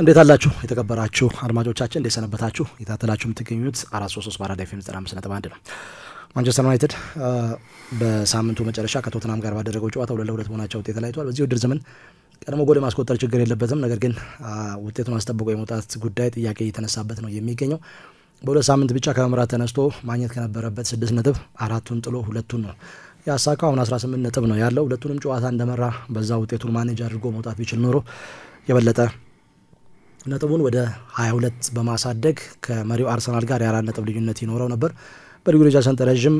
እንዴት አላችሁ የተከበራችሁ አድማጮቻችን፣ እንዴት ሰነበታችሁ? የታተላችሁ የምትገኙት አራት ሶስት ሶስት በአራዳ ኤፍ ኤም ዘጠና አምስት ነጥብ አንድ ነው። ማንቸስተር ዩናይትድ በሳምንቱ መጨረሻ ከቶትናም ጋር ባደረገው ጨዋታ ሁለት ለሁለት መሆናቸው ውጤት ተለያይቷል። በዚህ ውድድር ዘመን ቀድሞ ጎል ማስቆጠር ችግር የለበትም። ነገር ግን ውጤቱን አስጠብቆ የመውጣት ጉዳይ ጥያቄ እየተነሳበት ነው የሚገኘው። በሁለት ሳምንት ብቻ ከመምራት ተነስቶ ማግኘት ከነበረበት ስድስት ነጥብ አራቱን ጥሎ ሁለቱን ነው ያሳካው። አሁን 18 ነጥብ ነው ያለው። ሁለቱንም ጨዋታ እንደመራ በዛ ውጤቱን ማኔጅ አድርጎ መውጣት ቢችል ኖሮ የበለጠ ነጥቡን ወደ 22 በማሳደግ ከመሪው አርሰናል ጋር የአራት ነጥብ ልዩነት ይኖረው ነበር። በሊጉ ደረጃ ሰንጠረዥም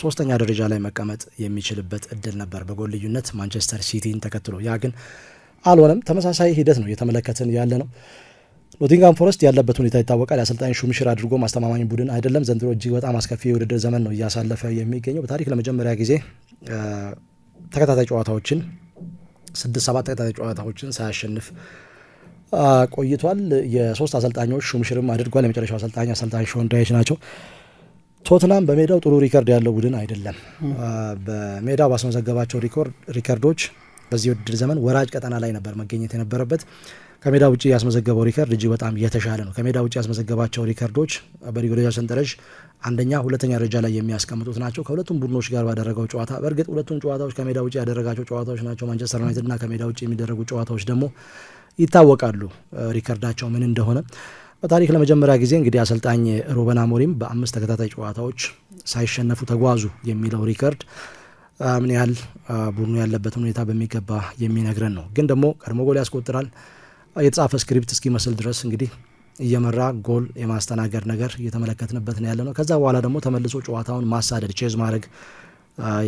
ሶስተኛ ደረጃ ላይ መቀመጥ የሚችልበት እድል ነበር በጎል ልዩነት ማንቸስተር ሲቲን ተከትሎ። ያ ግን አልሆነም። ተመሳሳይ ሂደት ነው እየተመለከትን ያለ ነው። ኖቲንጋም ፎረስት ያለበት ሁኔታ ይታወቃል። የአሰልጣኝ ሹምሽር አድርጎ ማስተማማኝ ቡድን አይደለም። ዘንድሮ እጅግ በጣም አስከፊ የውድድር ዘመን ነው እያሳለፈ የሚገኘው። በታሪክ ለመጀመሪያ ጊዜ ተከታታይ ጨዋታዎችን ስድስት ሰባት ተከታታይ ጨዋታዎችን ሳያሸንፍ ቆይቷል። የሶስት አሰልጣኞች ሹምሽርም አድርጓል። የመጨረሻው አሰልጣኝ አሰልጣኝ ሾን ዳይች ናቸው። ቶትናም በሜዳው ጥሩ ሪከርድ ያለው ቡድን አይደለም። በሜዳው ባስመዘገባቸው ሪከርዶች በዚህ ውድድር ዘመን ወራጅ ቀጠና ላይ ነበር መገኘት የነበረበት። ከሜዳ ውጭ ያስመዘገበው ሪከርድ እጅግ በጣም የተሻለ ነው። ከሜዳ ውጭ ያስመዘገባቸው ሪከርዶች በሊጉ ደረጃ ሰንጠረዥ አንደኛ፣ ሁለተኛ ደረጃ ላይ የሚያስቀምጡት ናቸው። ከሁለቱም ቡድኖች ጋር ባደረገው ጨዋታ በእርግጥ ሁለቱም ጨዋታዎች ከሜዳ ውጭ ያደረጋቸው ጨዋታዎች ናቸው። ማንቸስተር ዩናይትድና ከሜዳ ውጭ የሚደረጉ ጨዋታዎች ደግሞ ይታወቃሉ ሪከርዳቸው ምን እንደሆነ። በታሪክ ለመጀመሪያ ጊዜ እንግዲህ አሰልጣኝ ሩበን አሞሪም በአምስት ተከታታይ ጨዋታዎች ሳይሸነፉ ተጓዙ የሚለው ሪከርድ ምን ያህል ቡድኑ ያለበትን ሁኔታ በሚገባ የሚነግረን ነው። ግን ደግሞ ቀድሞ ጎል ያስቆጥራል የተጻፈ ስክሪፕት እስኪመስል ድረስ እንግዲህ እየመራ ጎል የማስተናገድ ነገር እየተመለከትንበት ነው ያለ ነው። ከዛ በኋላ ደግሞ ተመልሶ ጨዋታውን ማሳደድ ቼዝ ማድረግ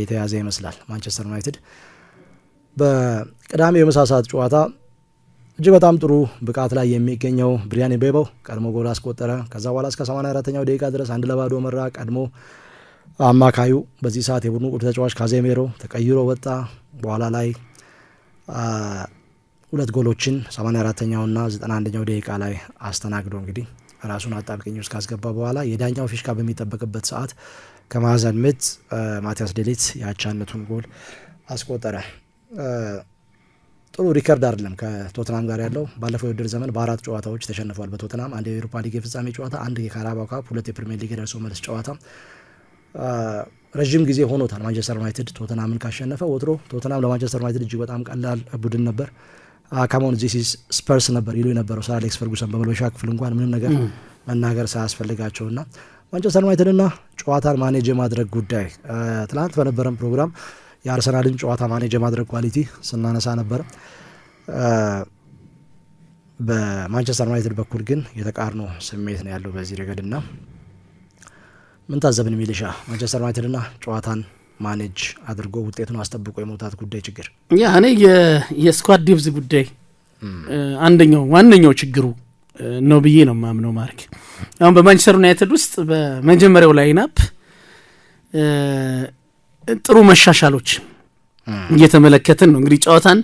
የተያዘ ይመስላል ማንቸስተር ዩናይትድ በቅዳሜ የመሳሳት ጨዋታ እጅግ በጣም ጥሩ ብቃት ላይ የሚገኘው ብሪያን ቤበው ቀድሞ ጎል አስቆጠረ። ከዛ በኋላ እስከ 84ኛው ደቂቃ ድረስ አንድ ለባዶ መራ። ቀድሞ አማካዩ በዚህ ሰዓት የቡድኑ ቁድ ተጫዋች ካዜሜሮ ተቀይሮ ወጣ። በኋላ ላይ ሁለት ጎሎችን 84 ጠ1 ኛው ደቂቃ ላይ አስተናግዶ እንግዲህ ራሱን አጣብቂኝ ውስጥ ካስገባ በኋላ የዳኛው ፊሽካ በሚጠበቅበት ሰዓት ከማዕዘን ምት ማቲያስ ዴሊት የአቻነቱን ጎል አስቆጠረ። ጥሩ ሪከርድ አይደለም ከቶትናም ጋር ያለው። ባለፈው የውድድር ዘመን በአራት ጨዋታዎች ተሸንፏል በቶትናም አንድ የኤሮፓ ሊግ የፍጻሜ ጨዋታ፣ አንድ የካራባው ካፕ፣ ሁለት የፕሪሚየር ሊግ የደርሶ መልስ ጨዋታ። ረዥም ጊዜ ሆኖታል ማንቸስተር ዩናይትድ ቶትናምን ካሸነፈ። ወትሮ ቶትናም ለማንቸስተር ዩናይትድ እጅግ በጣም ቀላል ቡድን ነበር። ካሞን ዚስ ኢዝ ስፐርስ ነበር ይሉ የነበረው ሰር አሌክስ ፈርጉሰን በመልበሻ ክፍል እንኳን ምንም ነገር መናገር ሳያስፈልጋቸው ና ማንቸስተር ዩናይትድ ና ጨዋታን ማኔጅ የማድረግ ጉዳይ ትናንት በነበረን ፕሮግራም የአርሰናልን ጨዋታ ማኔጅ የማድረግ ኳሊቲ ስናነሳ ነበር። በማንቸስተር ዩናይትድ በኩል ግን የተቃርኖ ስሜት ነው ያለው በዚህ ረገድ ና ምን ታዘብን ሚሊሻ ማንቸስተር ና ጨዋታን ማኔጅ አድርጎ ውጤቱን አስጠብቆ የመውጣት ጉዳይ ችግር ያ እኔ የስኳድ ዲብዝ ጉዳይ አንደኛው ዋነኛው ችግሩ ነው ብዬ ነው ማምነው። ማርክ አሁን በማንቸስተር ዩናይትድ ውስጥ በመጀመሪያው ላይናፕ። ጥሩ መሻሻሎች እየተመለከትን ነው። እንግዲህ ጨዋታን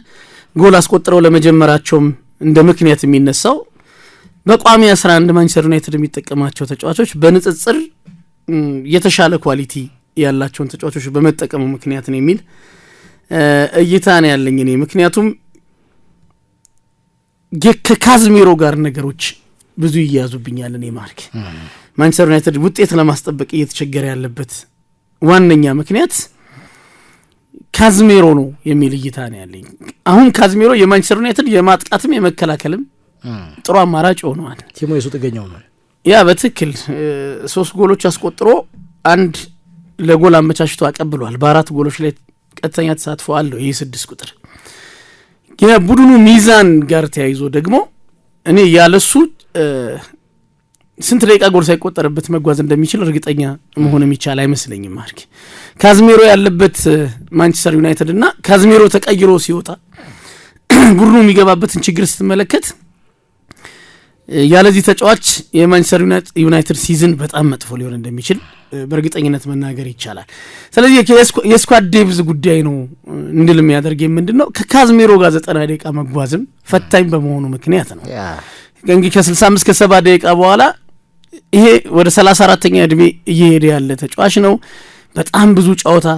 ጎል አስቆጥረው ለመጀመራቸውም እንደ ምክንያት የሚነሳው በቋሚ 11 ማንቸስተር ዩናይትድ የሚጠቀማቸው ተጫዋቾች በንጽጽር የተሻለ ኳሊቲ ያላቸውን ተጫዋቾች በመጠቀሙ ምክንያት ነው የሚል እይታ ነው ያለኝ እኔ። ምክንያቱም ከካዝሚሮ ጋር ነገሮች ብዙ ይያዙብኛል እኔ ማርክ። ማንቸስተር ዩናይትድ ውጤት ለማስጠበቅ እየተቸገረ ያለበት ዋነኛ ምክንያት ካዝሜሮ ነው የሚል እይታ ነው ያለኝ። አሁን ካዝሜሮ የማንቸስተር ዩናይትድ የማጥቃትም የመከላከልም ጥሩ አማራጭ ሆነዋል። ቲሞ የሱ ጥገኛው ነው ያ በትክክል ሶስት ጎሎች አስቆጥሮ አንድ ለጎል አመቻችቶ አቀብሏል። በአራት ጎሎች ላይ ቀጥተኛ ተሳትፎ አለው። ይህ ስድስት ቁጥር የቡድኑ ሚዛን ጋር ተያይዞ ደግሞ እኔ ያለሱ ስንት ደቂቃ ጎል ሳይቆጠርበት መጓዝ እንደሚችል እርግጠኛ መሆን የሚቻል አይመስለኝም። አርኪ ካዝሜሮ ያለበት ማንቸስተር ዩናይትድ እና ካዝሜሮ ተቀይሮ ሲወጣ ቡድኑ የሚገባበትን ችግር ስትመለከት ያለዚህ ተጫዋች የማንቸስተር ዩናይትድ ሲዝን በጣም መጥፎ ሊሆን እንደሚችል በእርግጠኝነት መናገር ይቻላል። ስለዚህ የስኳድ ዴብዝ ጉዳይ ነው እንድል የሚያደርግ ምንድን ነው ከካዝሜሮ ጋር ዘጠና ደቂቃ መጓዝም ፈታኝ በመሆኑ ምክንያት ነው። እንግዲህ ከ65 እስከ ደቂቃ በኋላ ይሄ ወደ 34ተኛ እድሜ እየሄደ ያለ ተጫዋች ነው። በጣም ብዙ ጨዋታ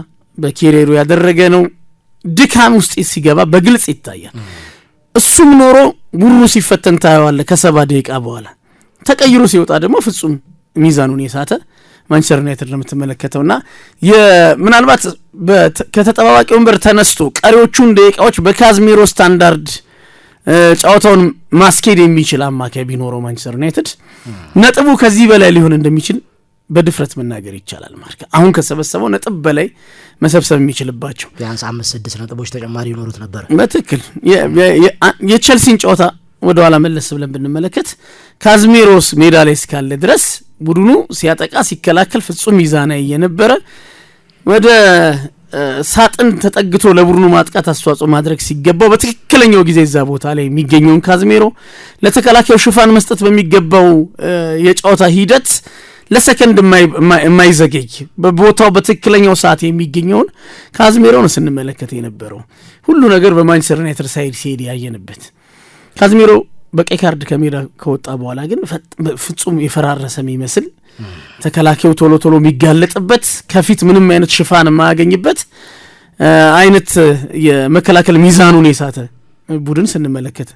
በኬሬሩ ያደረገ ነው። ድካም ውስጥ ሲገባ በግልጽ ይታያል። እሱም ኖሮ ጉሩ ሲፈተን ታየዋለ። ከሰባ ደቂቃ በኋላ ተቀይሮ ሲወጣ ደግሞ ፍጹም ሚዛኑን የሳተ ማንቸስተር ዩናይትድ ነው የምትመለከተው እና ምናልባት ከተጠባባቂ ወንበር ተነስቶ ቀሪዎቹን ደቂቃዎች በካዝሚሮ ስታንዳርድ ጨዋታውን ማስኬድ የሚችል አማካይ ቢኖረው ማንቸስተር ዩናይትድ ነጥቡ ከዚህ በላይ ሊሆን እንደሚችል በድፍረት መናገር ይቻላል ማለት አሁን ከሰበሰበው ነጥብ በላይ መሰብሰብ የሚችልባቸው ቢያንስ አምስት ስድስት ነጥቦች ተጨማሪ ይኖሩት ነበር። በትክክል የቸልሲን ጨዋታ ወደ ኋላ መለስ ብለን ብንመለከት ካዝሜሮስ ሜዳ ላይ እስካለ ድረስ ቡድኑ ሲያጠቃ ሲከላከል ፍጹም ሚዛናዊ የነበረ ወደ ሳጥን ተጠግቶ ለቡድኑ ማጥቃት አስተዋጽኦ ማድረግ ሲገባው በትክክለኛው ጊዜ እዛ ቦታ ላይ የሚገኘውን ካዝሜሮ ለተከላካዩ ሽፋን መስጠት በሚገባው የጨዋታ ሂደት ለሰከንድ የማይዘገይ በቦታው በትክክለኛው ሰዓት የሚገኘውን ካዝሜሮ ነው ስንመለከት የነበረው። ሁሉ ነገር በማንቸስተር ዩናይትድ ሳይድ ሲሄድ ያየንበት ካዝሜሮ በቀይ ካርድ ከሜዳ ከወጣ በኋላ ግን ፍጹም የፈራረሰ የሚመስል ተከላካዩ ቶሎ ቶሎ የሚጋለጥበት ከፊት ምንም አይነት ሽፋን የማያገኝበት አይነት የመከላከል ሚዛኑን የሳተ ቡድን ስንመለከት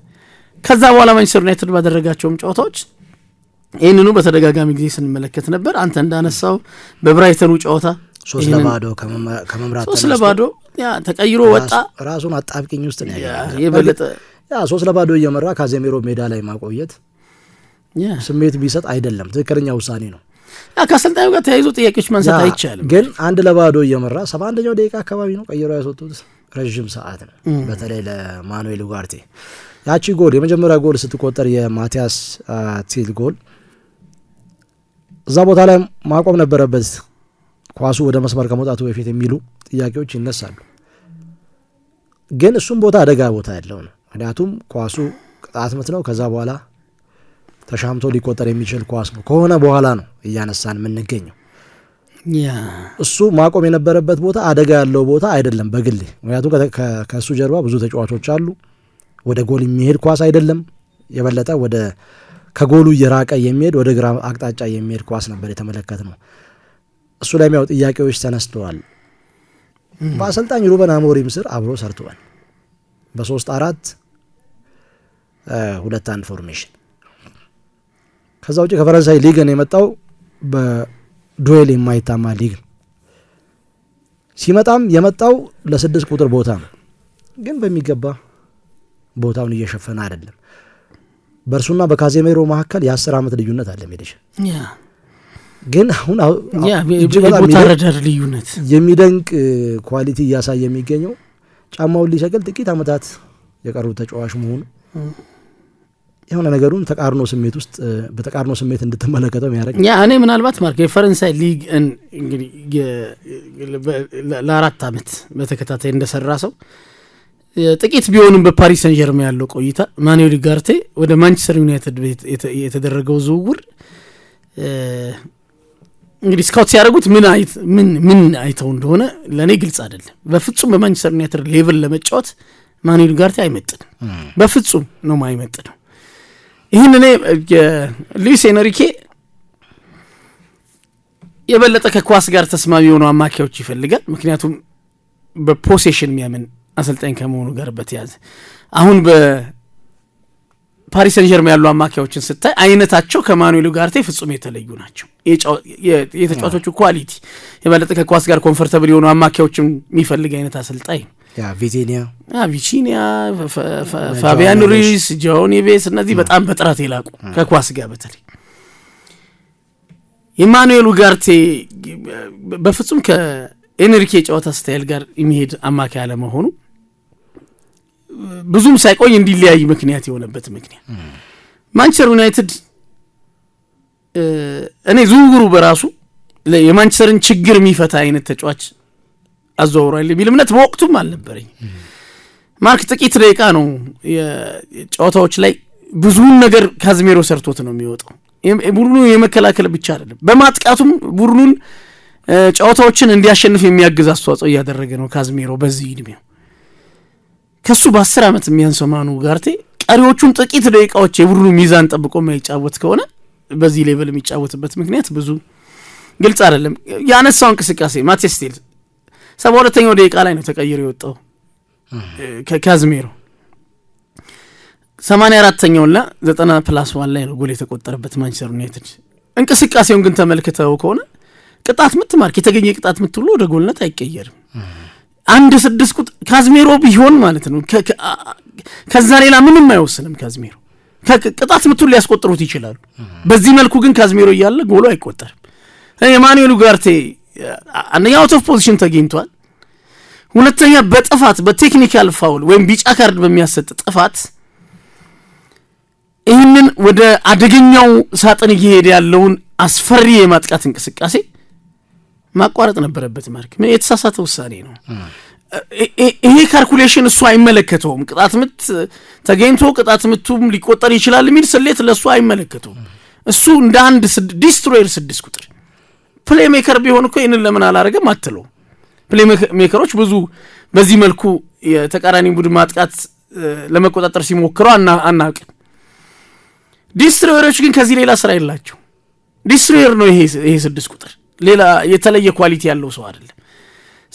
ከዛ በኋላ ማንቸስተር ዩናይትድ ባደረጋቸውም ጨዋታዎች ይህንኑ በተደጋጋሚ ጊዜ ስንመለከት ነበር። አንተ እንዳነሳው በብራይተኑ ጨዋታ ሶስት ለባዶ ከመምራት ሶስት ለባዶ ተቀይሮ ወጣ። ራሱን አጣብቂኝ ውስጥ ነው የበለጠ ሶስት ለባዶ እየመራ ካዜሜሮ ሜዳ ላይ ማቆየት ስሜት ቢሰጥ አይደለም ትክክለኛ ውሳኔ ነው። ከአሰልጣኙ ጋር ተያይዞ ጥያቄዎች መንሰት አይቻልም። ግን አንድ ለባዶ እየመራ ሰባ አንደኛው ደቂቃ አካባቢ ነው ቀይሮ ያስወጡት። ረዥም ሰዓት ነው በተለይ ለማኑኤል ኡጋርቴ ያቺ ጎል የመጀመሪያ ጎል ስትቆጠር የማቲያስ ቲል ጎል እዛ ቦታ ላይ ማቆም ነበረበት ኳሱ ወደ መስመር ከመውጣቱ በፊት የሚሉ ጥያቄዎች ይነሳሉ። ግን እሱም ቦታ አደጋ ቦታ ያለው ነው። ምክንያቱም ኳሱ ቅጣት ምት ነው። ከዛ በኋላ ተሻምቶ ሊቆጠር የሚችል ኳስ ነው። ከሆነ በኋላ ነው እያነሳን የምንገኘው። እሱ ማቆም የነበረበት ቦታ አደጋ ያለው ቦታ አይደለም በግሌ። ምክንያቱም ከእሱ ጀርባ ብዙ ተጫዋቾች አሉ። ወደ ጎል የሚሄድ ኳስ አይደለም። የበለጠ ወደ ከጎሉ እየራቀ የሚሄድ ወደ ግራ አቅጣጫ የሚሄድ ኳስ ነበር የተመለከት ነው። እሱ ላይ ያው ጥያቄዎች ተነስተዋል። በአሰልጣኝ ሩበን አሞሪም ስር አብሮ ሰርተዋል። በሶስት አራት ሁለት አንድ ፎርሜሽን ከዛ ውጭ ከፈረንሳይ ሊግን የመጣው በዱዌል የማይታማ ሊግ ሲመጣም የመጣው ለስድስት ቁጥር ቦታ ነው፣ ግን በሚገባ ቦታውን እየሸፈነ አይደለም። በእርሱና በካዜሜሮ መካከል የአስር ዓመት ልዩነት አለ ሜደሽ ግን አሁን ቦታረዳር ልዩነት የሚደንቅ ኳሊቲ እያሳየ የሚገኘው ጫማውን ሊሰቅል ጥቂት ዓመታት የቀሩ ተጫዋች መሆኑ የሆነ ነገሩን ተቃርኖ ስሜት ውስጥ በተቃርኖ ስሜት እንድትመለከተው ያደረግ እኔ ምናልባት ማርክ የፈረንሳይ ሊግ እንግዲህ ለአራት ዓመት በተከታታይ እንደሰራ ሰው ጥቂት ቢሆንም በፓሪስ ሰን ጀርሜ ያለው ቆይታ ማኑኤል ጋርቴ ወደ ማንቸስተር ዩናይትድ የተደረገው ዝውውር እንግዲህ ስካውት ሲያደርጉት ምን አይተው እንደሆነ ለእኔ ግልጽ አይደለም። በፍጹም በማንቸስተር ዩናይትድ ሌቭል ለመጫወት ማኑኤል ጋርቴ አይመጥንም። በፍጹም ነው ነው ይህን እኔ ሉዊስ ኤነሪኬ የበለጠ ከኳስ ጋር ተስማሚ የሆኑ አማካዮች ይፈልጋል። ምክንያቱም በፖሴሽን የሚያምን አሰልጣኝ ከመሆኑ ጋር በተያዘ አሁን በፓሪስ ሰን ጀርማ ያሉ አማካዮችን ስታይ አይነታቸው ከማኑኤል ኡጋርቴ ፍጹም የተለዩ ናቸው። የተጫዋቾቹ ኳሊቲ የበለጠ ከኳስ ጋር ኮንፈርተብል የሆኑ አማካዮችም የሚፈልግ አይነት አሰልጣኝ ነው። ቪቲኒያ፣ ቪቺኒያ፣ ፋቢያን ሩይስ፣ ጆኒቤስ እነዚህ በጣም በጥራት የላቁ ከኳስ ጋር በተለይ የማኑኤል ኡጋርቴ በፍጹም ከኤንሪኬ የጨዋታ ስታይል ጋር የሚሄድ አማካይ አለመሆኑ ብዙም ሳይቆይ እንዲለያይ ምክንያት የሆነበት ምክንያት ማንቸስተር ዩናይትድ እኔ ዝውውሩ በራሱ የማንቸስተርን ችግር የሚፈታ አይነት ተጫዋች አዘዋውሯል የሚል እምነት በወቅቱም አልነበረኝ። ማርክ ጥቂት ደቂቃ ነው ጨዋታዎች ላይ ብዙውን ነገር ካዝሜሮ ሰርቶት ነው የሚወጣው። ቡድኑ የመከላከል ብቻ አይደለም፣ በማጥቃቱም ቡድኑን ጨዋታዎችን እንዲያሸንፍ የሚያግዝ አስተዋጽኦ እያደረገ ነው ካዝሜሮ በዚህ እድሜው ከሱ በአስር ዓመት የሚያንሰው ማኑ ጋርቴ ቀሪዎቹን ጥቂት ደቂቃዎች የቡድኑ ሚዛን ጠብቆ የማይጫወት ከሆነ በዚህ ሌቨል የሚጫወትበት ምክንያት ብዙ ግልጽ አይደለም። የአነሳው እንቅስቃሴ ማቴስ ስቴል ሰባ ሁለተኛው ደቂቃ ላይ ነው ተቀይሮ የወጣው ከካዝሜሮ ሰማንያ አራተኛውና ዘጠና ፕላስ ዋን ላይ ነው ጎል የተቆጠረበት ማንቸስተር ዩናይትድ። እንቅስቃሴውን ግን ተመልክተው ከሆነ ቅጣት ምት ማርክ የተገኘ ቅጣት ምት ወደ ጎልነት አይቀየርም። አንድ ስድስት ቁጥር ካዝሜሮ ቢሆን ማለት ነው። ከዛ ሌላ ምንም አይወስንም ካዝሜሮ። ቅጣት ምቱን ሊያስቆጥሩት ይችላሉ። በዚህ መልኩ ግን ካዝሜሮ እያለ ጎሎ አይቆጠርም። የማኑኤል ኡጋርቴ አንደኛ አውት ኦፍ ፖዚሽን ተገኝቷል። ሁለተኛ በጥፋት በቴክኒካል ፋውል ወይም ቢጫ ካርድ በሚያሰጥ ጥፋት ይህንን ወደ አደገኛው ሳጥን እየሄደ ያለውን አስፈሪ የማጥቃት እንቅስቃሴ ማቋረጥ ነበረበት። ማርክ የተሳሳተ ውሳኔ ነው። ይሄ ካልኩሌሽን እሱ አይመለከተውም። ቅጣት ምት ተገኝቶ ቅጣት ምቱም ሊቆጠር ይችላል የሚል ስሌት ለእሱ አይመለከተውም። እሱ እንደ አንድ ዲስትሮየር ስድስት ቁጥር ፕሌ ሜከር ቢሆን እኮ ይህንን ለምን አላረገም አትለው። ፕሌ ሜከሮች ብዙ በዚህ መልኩ የተቃራኒ ቡድን ማጥቃት ለመቆጣጠር ሲሞክሩ አናውቅም። ዲስትሮየሮች ግን ከዚህ ሌላ ስራ የላቸው። ዲስትሮየር ነው ይሄ ስድስት ቁጥር ሌላ የተለየ ኳሊቲ ያለው ሰው አይደለም።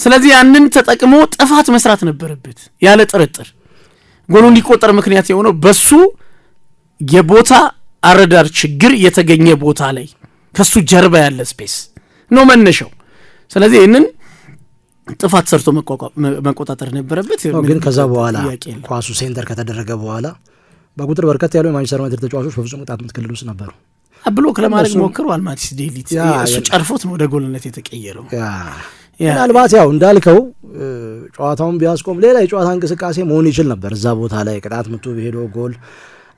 ስለዚህ ያንን ተጠቅሞ ጥፋት መስራት ነበረበት ያለ ጥርጥር። ጎሉ እንዲቆጠር ምክንያት የሆነው በሱ የቦታ አረዳር ችግር የተገኘ ቦታ ላይ ከሱ ጀርባ ያለ ስፔስ ነው መነሻው። ስለዚህ ይህንን ጥፋት ሰርቶ መቆጣጠር ነበረበት። ግን ከዛ በኋላ ኳሱ ሴንተር ከተደረገ በኋላ በቁጥር በርከት ያሉ የማንቸስተር ዩናይትድ ተጫዋቾች በፍጹም ቅጣት ምት ክልል ውስጥ ነበሩ። ብሎክ ለማድረግ ሞክሯል። አልማቲስ ዴሊት እሱ ጨርፎት ነው ወደ ጎልነት የተቀየረው። ምናልባት ያው እንዳልከው ጨዋታውን ቢያስቆም ሌላ የጨዋታ እንቅስቃሴ መሆን ይችል ነበር። እዛ ቦታ ላይ ቅጣት ምቱ ሄዶ ጎል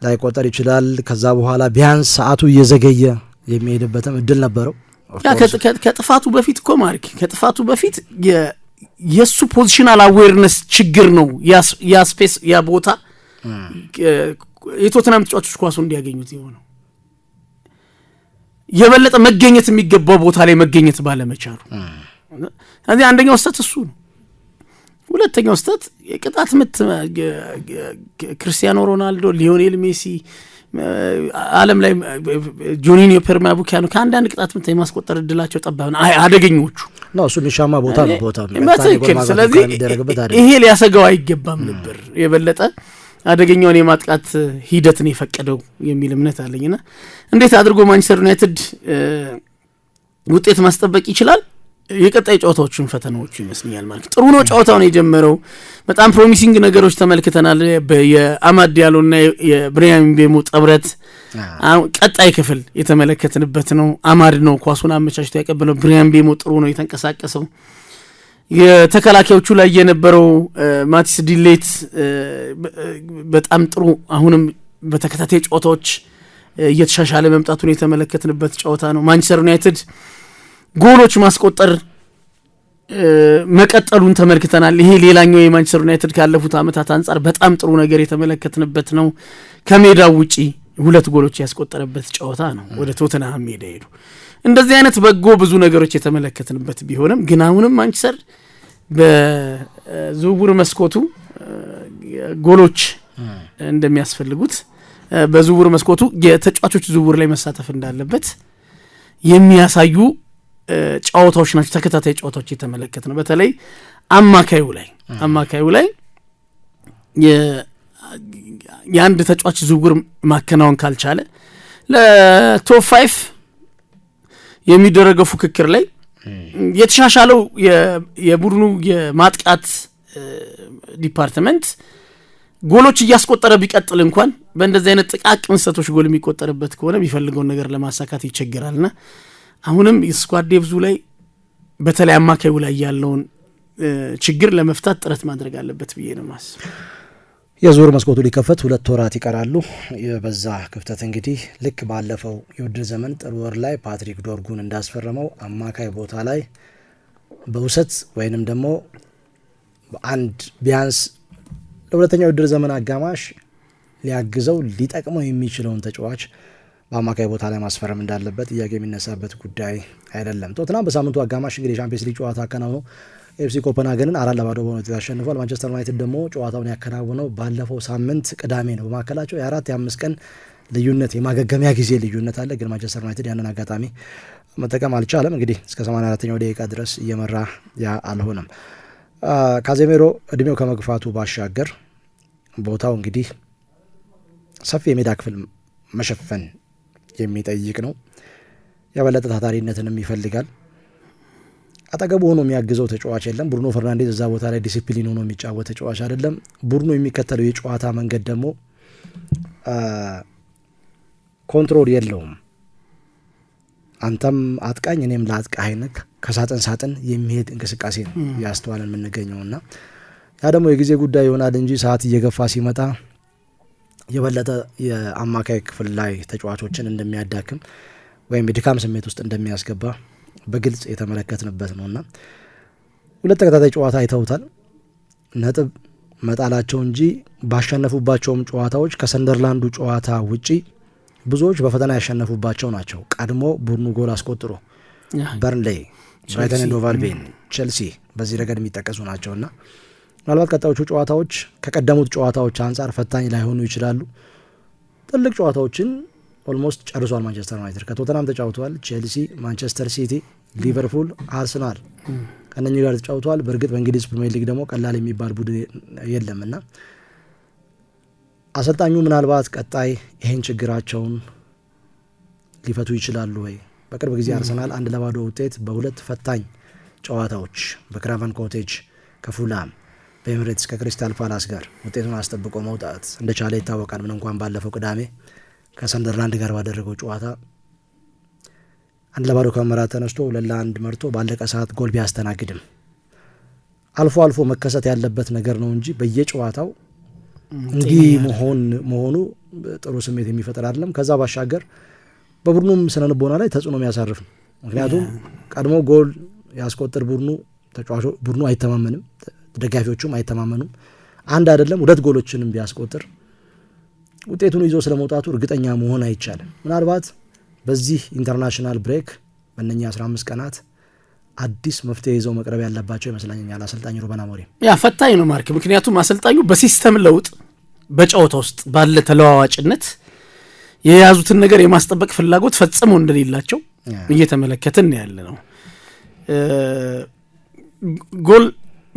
ላይቆጠር ይችላል። ከዛ በኋላ ቢያንስ ሰዓቱ እየዘገየ የሚሄድበትም እድል ነበረው። ከጥፋቱ በፊት እኮ ማርክ ከጥፋቱ በፊት የእሱ ፖዚሽናል አዌርነስ ችግር ነው ያ ስፔስ ያ ቦታ የቶትናም ተጫዋቾች ኳሱ እንዲያገኙት የሆነው የበለጠ መገኘት የሚገባው ቦታ ላይ መገኘት ባለመቻሉ፣ ስለዚህ አንደኛው ስህተት እሱ ነው። ሁለተኛው ስህተት የቅጣት ምት ክርስቲያኖ ሮናልዶ፣ ሊዮኔል ሜሲ አለም ላይ ጆኒኒዮ ፐርማቡካኖ ከአንዳንድ ቅጣት ምት የማስቆጠር እድላቸው ጠባብ ነው። አደገኞቹ እሱ የሚሻማ ቦታ ነው ቦታ በትክክል ስለዚህ ይሄ ሊያሰገው አይገባም ነበር የበለጠ አደገኛውን የማጥቃት ሂደት ነው የፈቀደው የሚል እምነት አለኝና እንዴት አድርጎ ማንቸስተር ዩናይትድ ውጤት ማስጠበቅ ይችላል? የቀጣይ ጨዋታዎችን ፈተናዎቹ ይመስልኛል። ማለት ጥሩ ነው ጨዋታውን የጀመረው በጣም ፕሮሚሲንግ ነገሮች ተመልክተናል። የአማድ ዲያሎና የብሪያም ቤሞ ጠብረት ቀጣይ ክፍል የተመለከትንበት ነው። አማድ ነው ኳሱን አመቻችቶ ያቀበለው። ብሪያም ጥሩ ነው የተንቀሳቀሰው። የተከላካዮቹ ላይ የነበረው ማቲስ ዲሌት በጣም ጥሩ አሁንም በተከታታይ ጨዋታዎች እየተሻሻለ መምጣቱን የተመለከትንበት ጨዋታ ነው። ማንቸስተር ዩናይትድ ጎሎች ማስቆጠር መቀጠሉን ተመልክተናል። ይሄ ሌላኛው የማንቸስተር ዩናይትድ ካለፉት ዓመታት አንጻር በጣም ጥሩ ነገር የተመለከትንበት ነው። ከሜዳው ውጪ ሁለት ጎሎች ያስቆጠረበት ጨዋታ ነው። ወደ ቶተንሃም ሜዳ ሄዱ። እንደዚህ አይነት በጎ ብዙ ነገሮች የተመለከትንበት ቢሆንም ግን አሁንም ማንቸስተር በዝውውር መስኮቱ ጎሎች እንደሚያስፈልጉት በዝውውር መስኮቱ የተጫዋቾች ዝውውር ላይ መሳተፍ እንዳለበት የሚያሳዩ ጨዋታዎች ናቸው። ተከታታይ ጨዋታዎች የተመለከት ነው። በተለይ አማካዩ ላይ አማካዩ ላይ የአንድ ተጫዋች ዝውውር ማከናወን ካልቻለ ለቶፕ ፋይፍ የሚደረገው ፉክክር ላይ የተሻሻለው የቡድኑ የማጥቃት ዲፓርትመንት ጎሎች እያስቆጠረ ቢቀጥል እንኳን በእንደዚህ አይነት ጥቃቅን ስህተቶች ጎል የሚቆጠርበት ከሆነ የሚፈልገውን ነገር ለማሳካት ና አሁንም የስኳድ ዴብዙ ላይ በተለይ አማካዩ ላይ ያለውን ችግር ለመፍታት ጥረት ማድረግ አለበት ብዬ ነው ማስብ የዙር መስኮቱ ሊከፈት ሁለት ወራት ይቀራሉ። በዛ ክፍተት እንግዲህ ልክ ባለፈው የውድድር ዘመን ጥር ወር ላይ ፓትሪክ ዶርጉን እንዳስፈረመው አማካይ ቦታ ላይ በውሰት ወይንም ደግሞ አንድ ቢያንስ ለሁለተኛው የውድድር ዘመን አጋማሽ ሊያግዘው ሊጠቅመው የሚችለውን ተጫዋች በአማካይ ቦታ ላይ ማስፈረም እንዳለበት ጥያቄ የሚነሳበት ጉዳይ አይደለም። ቶትናም በሳምንቱ አጋማሽ እንግዲህ የሻምፒየንስ ሊግ ጨዋታ አከናውነው ኤፍሲ ኮፐንሃገንን አራት ለባዶ በሆነ ውጤት አሸንፏል። ማንቸስተር ዩናይትድ ደግሞ ጨዋታውን ያከናውነው ባለፈው ሳምንት ቅዳሜ ነው። በመካከላቸው የአራት የአምስት ቀን ልዩነት የማገገሚያ ጊዜ ልዩነት አለ። ግን ማንቸስተር ዩናይትድ ያንን አጋጣሚ መጠቀም አልቻለም። እንግዲህ እስከ 84ኛው ደቂቃ ድረስ እየመራ ያ አልሆነም። ካዜሜሮ እድሜው ከመግፋቱ ባሻገር ቦታው እንግዲህ ሰፊ የሜዳ ክፍል መሸፈን የሚጠይቅ ነው። የበለጠ ታታሪነትንም ይፈልጋል። አጠገቡ ሆኖ የሚያግዘው ተጫዋች የለም። ብሩኖ ፈርናንዴዝ እዛ ቦታ ላይ ዲሲፕሊን ሆኖ የሚጫወት ተጫዋች አይደለም። ቡድኑ የሚከተለው የጨዋታ መንገድ ደግሞ ኮንትሮል የለውም። አንተም አጥቃኝ እኔም ለአጥቃ አይነት ከሳጥን ሳጥን የሚሄድ እንቅስቃሴ ነው ያስተዋለን የምንገኘው እና ያ ደግሞ የጊዜ ጉዳይ ይሆናል እንጂ ሰዓት እየገፋ ሲመጣ የበለጠ የአማካይ ክፍል ላይ ተጫዋቾችን እንደሚያዳክም ወይም የድካም ስሜት ውስጥ እንደሚያስገባ በግልጽ የተመለከትንበት ነውና ሁለት ተከታታይ ጨዋታ አይተውታል። ነጥብ መጣላቸው እንጂ ባሸነፉባቸውም ጨዋታዎች ከሰንደርላንዱ ጨዋታ ውጪ ብዙዎች በፈተና ያሸነፉባቸው ናቸው። ቀድሞ ቡድኑ ጎል አስቆጥሮ በርንሌይ፣ ብራይተን ኤንድ ሆቭ አልቢዮን፣ ቼልሲ በዚህ ረገድ የሚጠቀሱ ናቸውና ምናልባት ቀጣዮቹ ጨዋታዎች ከቀደሙት ጨዋታዎች አንጻር ፈታኝ ላይሆኑ ይችላሉ። ትልቅ ጨዋታዎችን ኦልሞስት ጨርሷል። ማንቸስተር ዩናይትድ ከቶተናም ተጫውተዋል። ቼልሲ፣ ማንቸስተር ሲቲ፣ ሊቨርፑል፣ አርሰናል ከእነኚህ ጋር ተጫውተዋል። በእርግጥ በእንግሊዝ ፕሪሚየር ሊግ ደግሞ ቀላል የሚባል ቡድን የለም እና አሰልጣኙ ምናልባት ቀጣይ ይሄን ችግራቸውን ሊፈቱ ይችላሉ ወይ? በቅርብ ጊዜ አርሰናል አንድ ለባዶ ውጤት በሁለት ፈታኝ ጨዋታዎች በክራቨን ኮቴጅ ከፉላም በኤምሬትስ ከክሪስታል ፓላስ ጋር ውጤቱን አስጠብቆ መውጣት እንደቻለ ይታወቃል። ምን እንኳን ባለፈው ቅዳሜ ከሰንደርላንድ ጋር ባደረገው ጨዋታ አንድ ለባዶ ከመራት ተነስቶ ሁለት ለአንድ መርቶ ባለቀ ሰዓት ጎል ቢያስተናግድም አልፎ አልፎ መከሰት ያለበት ነገር ነው እንጂ በየጨዋታው እንዲህ መሆን መሆኑ ጥሩ ስሜት የሚፈጥር አይደለም። ከዛ ባሻገር በቡድኑም ስነ ልቦና ላይ ተጽዕኖ የሚያሳርፍ ነው። ምክንያቱም ቀድሞ ጎል ያስቆጥር ቡድኑ ተጫዋቾ ቡድኑ አይተማመንም፣ ደጋፊዎቹም አይተማመኑም። አንድ አይደለም ሁለት ጎሎችንም ቢያስቆጥር ውጤቱን ይዞ ስለ መውጣቱ እርግጠኛ መሆን አይቻልም። ምናልባት በዚህ ኢንተርናሽናል ብሬክ በእነኛ 15 ቀናት አዲስ መፍትሄ ይዘው መቅረብ ያለባቸው ይመስለኛል አሰልጣኝ ሩበን አሞሪም። ያ ፈታኝ ነው ማርክ፣ ምክንያቱም አሰልጣኙ በሲስተም ለውጥ በጨዋታ ውስጥ ባለ ተለዋዋጭነት የያዙትን ነገር የማስጠበቅ ፍላጎት ፈጽሞ እንደሌላቸው እየተመለከትን ያለ ነው። ጎል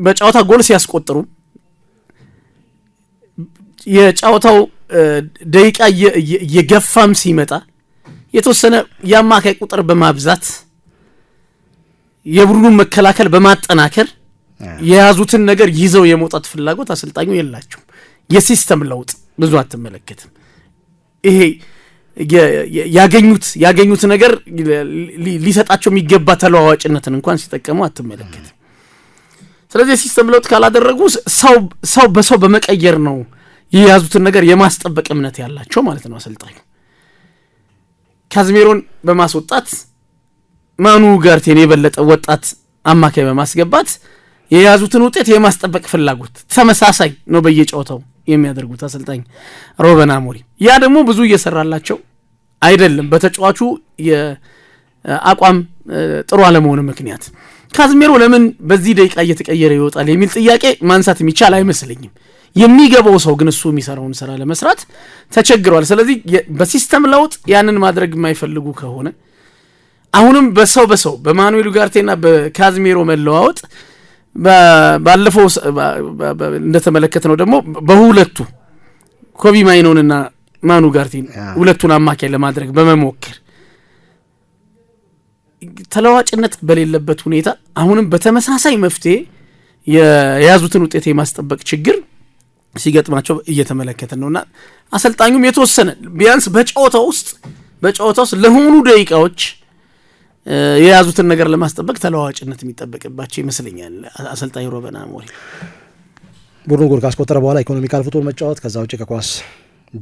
በጨዋታ ጎል ሲያስቆጥሩ የጨዋታው ደቂቃ እየገፋም ሲመጣ የተወሰነ የአማካይ ቁጥር በማብዛት የቡድኑን መከላከል በማጠናከር የያዙትን ነገር ይዘው የመውጣት ፍላጎት አሰልጣኙ የላቸውም። የሲስተም ለውጥ ብዙ አትመለከትም። ይሄ ያገኙት ያገኙት ነገር ሊሰጣቸው የሚገባ ተለዋዋጭነትን እንኳን ሲጠቀሙ አትመለከትም። ስለዚህ የሲስተም ለውጥ ካላደረጉ ሰው በሰው በመቀየር ነው የያዙትን ነገር የማስጠበቅ እምነት ያላቸው ማለት ነው። አሰልጣኙ ካዝሜሮን በማስወጣት ማኑ ጋርቴን የበለጠ ወጣት አማካይ በማስገባት የያዙትን ውጤት የማስጠበቅ ፍላጎት ተመሳሳይ ነው በየጨዋታው የሚያደርጉት አሰልጣኝ ሮበን አሞሪም። ያ ደግሞ ብዙ እየሰራላቸው አይደለም በተጫዋቹ የአቋም ጥሩ አለመሆን ምክንያት ካዝሜሮ ለምን በዚህ ደቂቃ እየተቀየረ ይወጣል የሚል ጥያቄ ማንሳት የሚቻል አይመስለኝም። የሚገባው ሰው ግን እሱ የሚሰራውን ስራ ለመስራት ተቸግሯል ስለዚህ በሲስተም ለውጥ ያንን ማድረግ የማይፈልጉ ከሆነ አሁንም በሰው በሰው በማኑዌል ጋርቴና በካዝሜሮ መለዋወጥ ባለፈው ነው ደግሞ በሁለቱ ኮቢ ማይኖንና ማኑ ጋርቴን ሁለቱን አማካይ ለማድረግ በመሞከር ተለዋጭነት በሌለበት ሁኔታ አሁንም በተመሳሳይ መፍትሄ የያዙትን ውጤት የማስጠበቅ ችግር ሲገጥማቸው እየተመለከትን ነውና አሰልጣኙም የተወሰነ ቢያንስ በጨዋታ ውስጥ በጨዋታ ውስጥ ለሆኑ ደቂቃዎች የያዙትን ነገር ለማስጠበቅ ተለዋዋጭነት የሚጠበቅባቸው ይመስለኛል። አሰልጣኝ ሮበን አሞሪም ቡድኑ ጎል ካስቆጠረ በኋላ ኢኮኖሚካል ፉትቦል መጫወት ከዛ ውጭ ከኳስ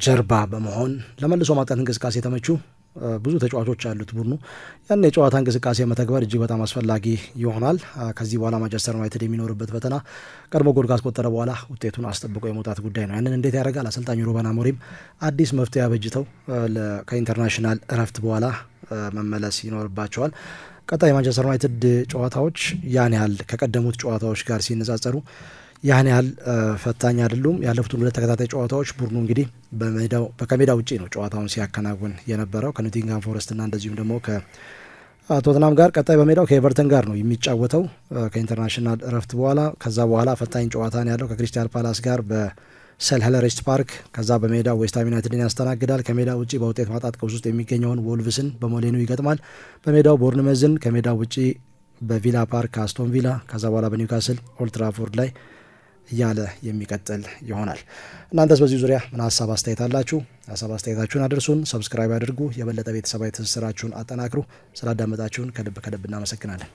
ጀርባ በመሆን ለመልሶ ማጥቃት እንቅስቃሴ የተመቹ ብዙ ተጫዋቾች አሉት ቡድኑ ያን የጨዋታ እንቅስቃሴ መተግበር እጅግ በጣም አስፈላጊ ይሆናል። ከዚህ በኋላ ማንቸስተር ዩናይትድ የሚኖርበት ፈተና ቀድሞ ጎል ካስቆጠረ በኋላ ውጤቱን አስጠብቆ የመውጣት ጉዳይ ነው። ያንን እንዴት ያደርጋል? አሰልጣኝ ሩበን አሞሪም አዲስ መፍትሄ አበጅተው ከኢንተርናሽናል እረፍት በኋላ መመለስ ይኖርባቸዋል። ቀጣይ ማንቸስተር ዩናይትድ ጨዋታዎች ያን ያህል ከቀደሙት ጨዋታዎች ጋር ሲነጻጸሩ ያን ያህል ፈታኝ አይደሉም። ያለፉትን ሁለት ተከታታይ ጨዋታዎች ቡድኑ እንግዲህ ከሜዳ ውጪ ነው ጨዋታውን ሲያከናውን የነበረው ከኖቲንግሃም ፎረስትና እንደዚሁም ደግሞ ከቶትናም ጋር፣ ቀጣይ በሜዳው ከኤቨርተን ጋር ነው የሚጫወተው ከኢንተርናሽናል እረፍት በኋላ። ከዛ በኋላ ፈታኝ ጨዋታ ነው ያለው ከክሪስታል ፓላስ ጋር በሴልኸርስት ፓርክ። ከዛ በሜዳው ዌስትሃም ዩናይትድን ያስተናግዳል። ከሜዳ ውጪ በውጤት ማጣት ቀውስ ውስጥ የሚገኘውን ወልቭስን በሞሌኑ ይገጥማል። በሜዳው ቦርንመዝን፣ ከሜዳ ውጪ በቪላ ፓርክ አስቶን ቪላ፣ ከዛ በኋላ በኒውካስል ኦልትራፎርድ ላይ እያለ የሚቀጥል ይሆናል። እናንተስ በዚህ ዙሪያ ምን ሀሳብ አስተያየት አላችሁ? ሀሳብ አስተያየታችሁን አድርሱን፣ ሰብስክራይብ አድርጉ፣ የበለጠ ቤተሰባዊ ትስስራችሁን አጠናክሩ። ስላዳመጣችሁን ከልብ ከልብ እናመሰግናለን።